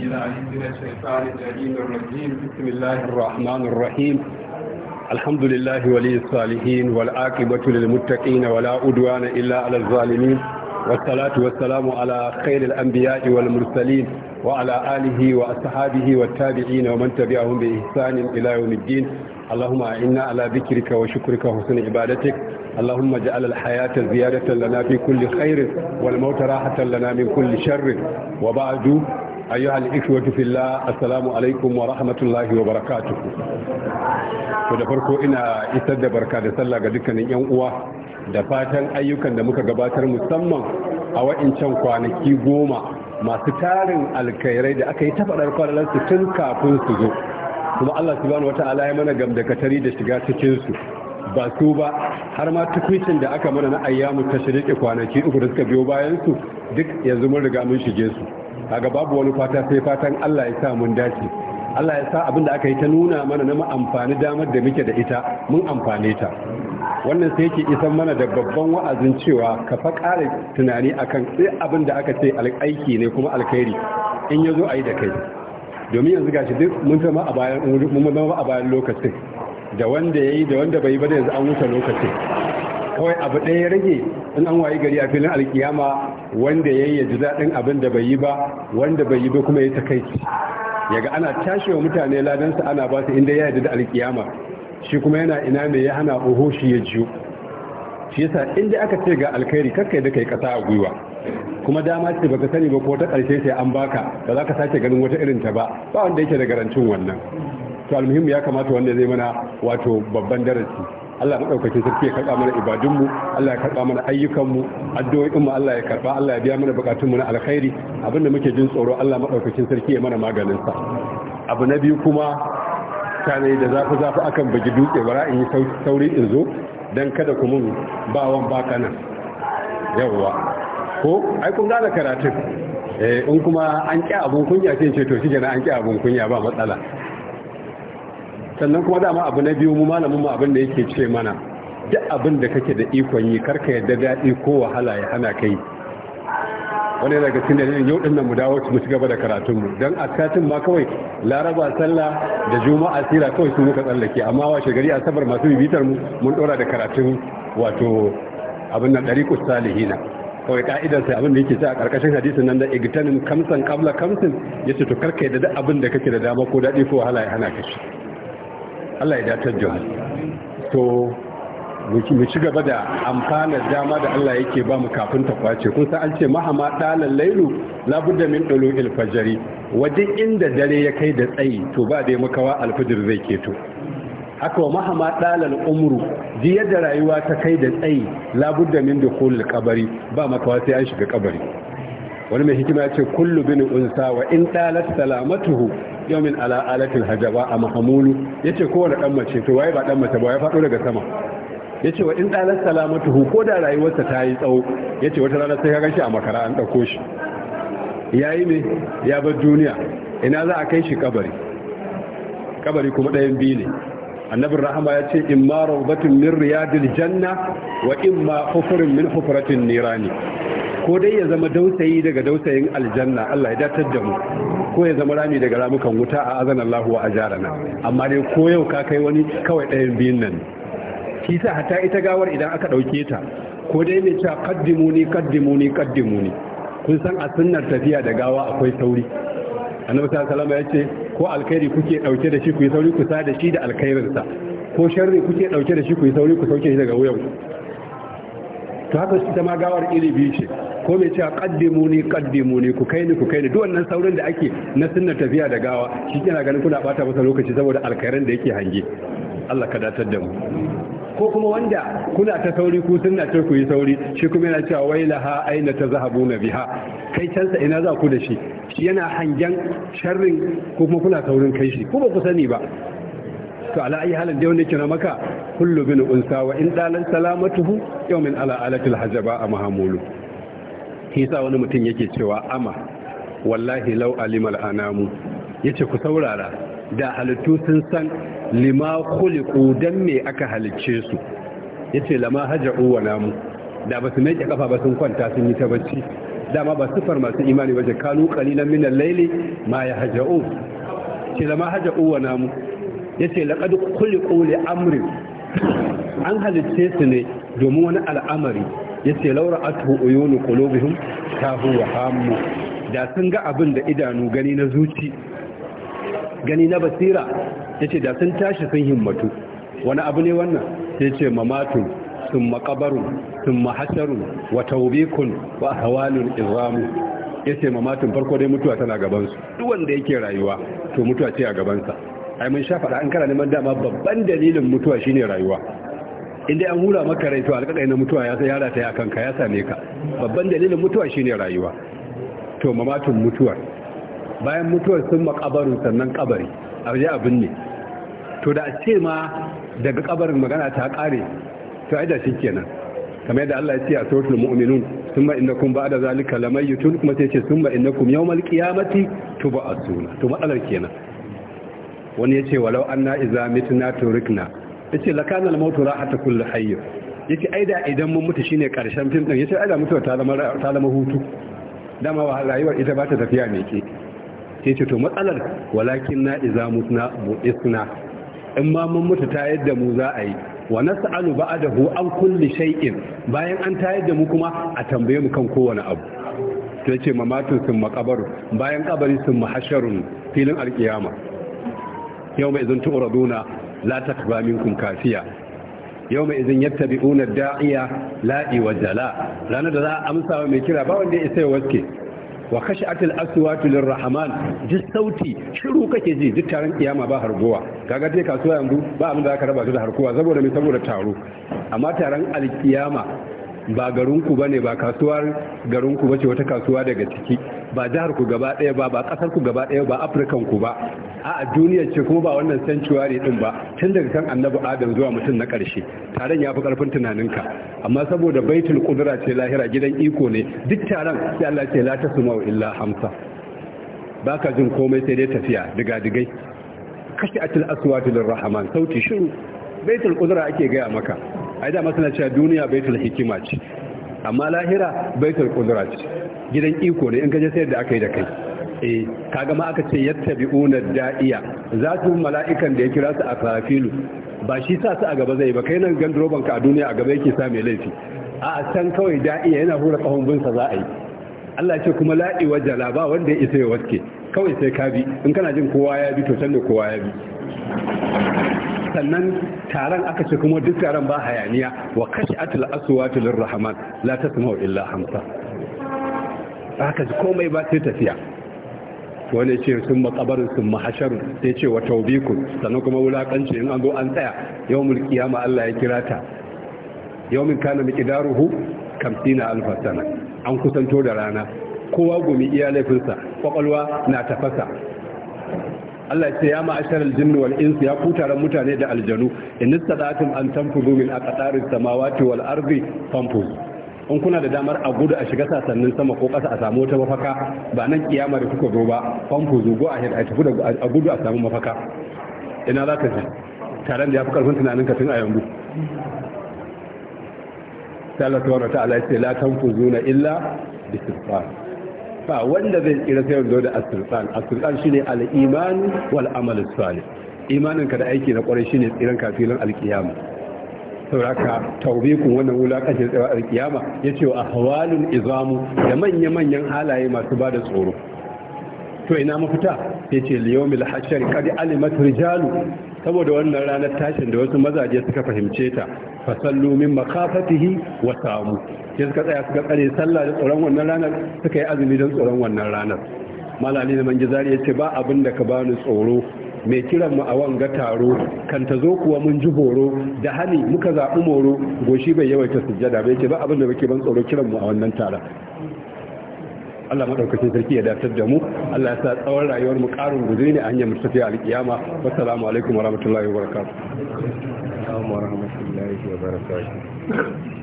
بالله من الشيطان الرجيم الرجيم بسم الله الرحمن الرحيم الحمد لله ولي الصالحين والعاقبة للمتقين ولا عدوان إلا على الظالمين والصلاة والسلام على خير الأنبياء والمرسلين وعلى آله وأصحابه والتابعين ومن تبعهم بإحسان إلى يوم الدين اللهم إنا على ذكرك وشكرك وحسن عبادتك اللهم اجعل الحياة زيادة لنا في كل خير والموت راحة لنا من كل شر وبعد أيها الإخوة في الله wa rahmatullahi wa الله وبركاته da farko ina isar da barka da sallah ga dukkanin 'yan uwa da fatan ayyukan da muka gabatar musamman a wa'incan kwanaki goma masu tarin alkhairai da aka yi ta faɗar su tun kafin su zo kuma allah subhanahu wata'ala ya mana gam da shiga cikinsu ba su ba har ma tukwicin da aka mana na ayyamu ta shirike kwanaki uku da suka biyo bayan su duk yanzu mun riga mun shige su kaga babu wani fata sai fatan Allah ya sa mun dace Allah ya sa abin da aka yi ta nuna mana na amfani damar da muke da ita mun amfane ta wannan sai yake isan mana da babban wa'azin cewa ka fa ƙara tunani akan sai abin da aka ce aiki ne kuma alkhairi in ya zo a yi da kai domin yanzu gashi duk mun zama a bayan lokacin da wanda ya yi da wanda bai yi ba da yanzu an wuce lokacin kawai abu ɗaya ya rage in an wayi gari a filin alkiyama wanda ya yi daɗin abin da bai yi ba wanda bai yi ba kuma ya takaici yaga ana tashi wa mutane ladansa ana ba su inda ya yarda da alkiyama shi kuma yana ina mai ya hana oho shi ya jiyo shi yasa inda aka ce ga alkhairi kakka da kai kasa a gwiwa kuma dama ce baka sani ba ko ta karshe sai an baka ba za ka sake ganin wata irin ta ba ba wanda yake da garancin wannan to almuhim ya kamata wanda zai mana wato babban darasi Allah madaukakin sarki ya karba mana ibadunmu Allah ya karba mana ayyukanmu addu'o'in mu Allah ya karba Allah ya biya mana buƙatunmu na alkhairi abinda muke jin tsoro Allah madaukakin sarki ya mana maganin sa abu na biyu kuma tane da zafi zafi akan bugi dutse bara in yi sauri in zo dan kada ku mun bawan ba nan yawwa ko ai kun gane karatun eh in kuma an ƙi abun kunya ce to shi an ƙi abun kunya ba matsala sannan kuma dama abu na biyu mu malamin mu abin da yake ce mana duk abin da kake da ikon yi karka yadda daɗi ko wahala ya hana kai wani yana ga cikin yau din nan mu dawo mu ci gaba da karatun mu dan a ma kawai laraba sallah da juma'a sira kawai su muka tsallake amma wa gari asabar masu bibitar mu mun dora da karatun wato abin nan dariqus salihina kawai ka'idar sai abin da yake a karkashin hadisin nan da igtanin kamsan qabla kamsin yace to karka da abin da kake da dama ko daɗi ko wahala ya hana ka Allah ya datar da to mu ci gaba da amfanar dama da Allah yake ba mu kafin ta kwace kun san an ce mahama dalan lailu labudda min dulul fajri wajen inda dare ya kai da tsayi to ba dai makawa alfajir zai keto haka wa mahama dalal umru ji yadda rayuwa ta kai da tsayi labudda min al qabri ba makawa sai an shiga kabari wani mai hikima ya ce kullu bin unsa wa in dalat salamatuhu yawmin ala alatil hajaba a mahamulu yace kowane dan mace to waye ba dan mace ba ya faɗo daga sama yace wa in salamatu hu ko da rayuwarsa ta yi tsawo yace wata rana sai ka ganshi a makara an dauko shi yayi ne ya bar duniya ina za a kai shi kabari kabari kuma ɗayan biyu ne annabin rahama ya ce in ma raubatin min riyadil janna wa in ma hufurin min hufuratin nirani ko dai ya zama dausayi daga dausayin aljanna Allah ya datar da mu ko ya zama rami daga ramukan wuta a azanan Allah a jarana amma dai ko yau ka kai wani kawai ɗayan biyun nan sa hata ita gawar idan aka ɗauke ta ko dai mai cewa ni, kaddimu ni, kun san a sunnar tafiya da gawa akwai sauri annabi sallallahu alaihi ya ce ko alkhairi kuke ɗauke da shi ku yi sauri ku sa da shi da alkhairinsa ko sharri kuke ɗauke da shi ku yi sauri ku sauke shi daga wuyan to haka ita ma gawar iri biyu ce ko mai cewa kaddemu ni kaddemu ni ku kai ni ku kai ni duk wannan saurin da ake na sunnar tafiya da gawa shi kina ganin kuna bata masa lokaci saboda alkhairan da yake hange Allah ka datar da mu ko kuma wanda kuna ta sauri ku sunna ce ku yi sauri shi kuma yana cewa wailaha aina na biha kai cansa ina za ku da shi shi yana hangen sharrin kuma kuna saurin kai shi ba ku sani ba to ala ayi halin da wanda kira maka kullu bin unsa wa in dalan salamatuhu yawmin ala alatil hajaba a mahamulu sa wani mutum yake cewa ama wallahi law alimal anamu yace ku saurara da halittu sun san lima khuliqu dan me aka halicce su yace lama haja'u wa namu da ba su miƙe kafa ba sun kwanta sun yi ta bacci dama ba sufar masu imani ba kanu qalilan min al-layli ma yahja'u ce lama haja'u wa namu yace laƙadu kuli li amurin an halitta su ne domin wani al'amari yace laura atu uyunu qulubihim ta huwa hammu da sun ga abin da idanu gani na zuci gani na basira yace da sun tashi sun himmatu wani abu ne wannan yace mamatun sun makabarun sun mahasharun wa taubikun wa hawalun izamu yace mamatun farko dai mutuwa tana gabansu duk wanda yake rayuwa to mutuwa ce a gabansa ai mun shafa da an kana neman dama babban dalilin mutuwa shine rayuwa inda an hura maka rai to alƙaƙai na mutuwa ya yara ta yakan ka ya same ka babban dalilin mutuwa shine rayuwa to mamatun mutuwar bayan mutuwar sun makabaru sannan kabari a je abin ne to da ce ma daga kabarin magana ta kare to ai da shikenan kamar yadda Allah ya ce a suratul mu'minun thumma innakum ba'da zalika lamaytun kuma sai ce thumma innakum yawmal qiyamati tub'atun to matsalar kenan wani yace walau anna idza mitna turikna yace lakana al-mautu rahata kulli hayy yace ai da idan mun mutu shine karshen fim din ya ai da mutu ta zama hutu dama wa rayuwar ita ba ta tafiya me ke ce to matsalar walakin na idza mutna bu'isna in ma mun mutu ta yadda mu za a yi wa nas'alu ba'dahu an kulle shay'in bayan an tayar da mu kuma a tambaye mu kan kowane abu to ce mamatu sun maqabaru bayan kabari sun mahasharun filin alkiyama yau mai izin tu'raduna la takba minkum kafiya yau mai izin yattabi'una da'iya la'i wa jala ranar da za a amsa wa mai kira ba wanda ya isa ya waske wa asuwatu aswatu lirrahman ji sauti shiru kake ji duk taron kiyama ba hargowa kaga dai kasuwa yanzu ba abin da aka raba su da harkowa saboda me saboda taro amma taron alkiyama ba garinku ba ne ba kasuwar garinku ba ce wata kasuwa daga ciki ba jihar ku gaba ɗaya ba ba ƙasar ku gaba ɗaya ba afirkan ku ba a duniya ce kuma ba wannan sanctuary din ba tun daga kan annabi adam zuwa mutum na ƙarshe taron ya fi ƙarfin tunaninka amma saboda baitul qudra ce lahira gidan iko ne duk taron sai Allah ce la wa illa hamsa baka jin komai sai dai tafiya diga digai kashi atil aswatu lirrahman sauti shiru baitul qudra ake gaya maka ai da masana cewa duniya baitul hikima ce amma lahira baitul qudrat ce gidan iko ne in ka kaje sayar da aka yi da kai eh kaga ma aka ce yattabi'una da'iya su mala'ikan da ya kira su a farafilu ba shi sa su a gaba zai ba kai nan gandroban ka a duniya a gaba yake sa mai laifi a san kawai da'iya yana hura kahon bin sa za a yi Allah ce kuma la'i jala ba wanda ya isa ya waske kawai sai ka bi in kana jin kowa ya bi to san da kowa ya bi sannan taron aka ce kuma duk taron ba hayaniya wa kashi atul tulun rahaman. la tasma'u illa hamsa aka ji komai ba sai tafiya wani ce sun makabarin sun mahasharu sai ce wa taubikun sannan kuma wulakanci in an zo an tsaya yau mulki ya Allah ya kira ta yau min kana miki daruhu kamsina alfasana an kusanto da rana kowa gumi iya laifinsa kwakwalwa na tafasa Allah ya ce ya ma'ashar aljinnu wal insu ya ku ran mutane da aljanu in istadatum an tanfudu min aqtaris samawati wal ardi fanfudu in kuna da damar a gudu a shiga sasannin sama ko ƙasa a samu wata mafaka ba nan kiyama da kuka zo ba famfo go ahead a tafi da a gudu a samu mafaka ina za ka ji taron da ya fi karfin tunanin ka tun a yanzu sallallahu ta'ala ya ce la tanfuzuna illa bi ba wanda zai tsira sai wanda da asirtan asirtan shine al-iman wal amal salih imanin ka da aiki na kwarai shine tsiran kafilin al-qiyama ka taubikun wannan wulakacin tsawa alkiyama ya yace wa ahwalul izamu da manya manyan halaye masu ba da tsoro to ina mafita yace liyomil hashar kadi alimat rijalu saboda wannan ranar tashin da wasu mazaje suka fahimce ta fasallu min makafatihi wa samu sai suka tsaya suka tsare sallah da tsoron wannan ranar suka yi azumi don tsoron wannan ranar malali da manjizari ya ce ba abin da ka bani tsoro mai kiran mu a wanga taro kan ta zo kuwa mun ji horo da hali muka zaɓi moro goshi bai yawaita sujjada bai ce ba abin da muke ban tsoro kiran mu a wannan tara Allah madaukakin sarki ya datar da mu Allah ya sa tsawon rayuwar mu karin guzuri ne a hanyar a alkiyama assalamu alaikum warahmatullahi wabarakatuh assalamu alaikum warahmatullahi wabarakatuh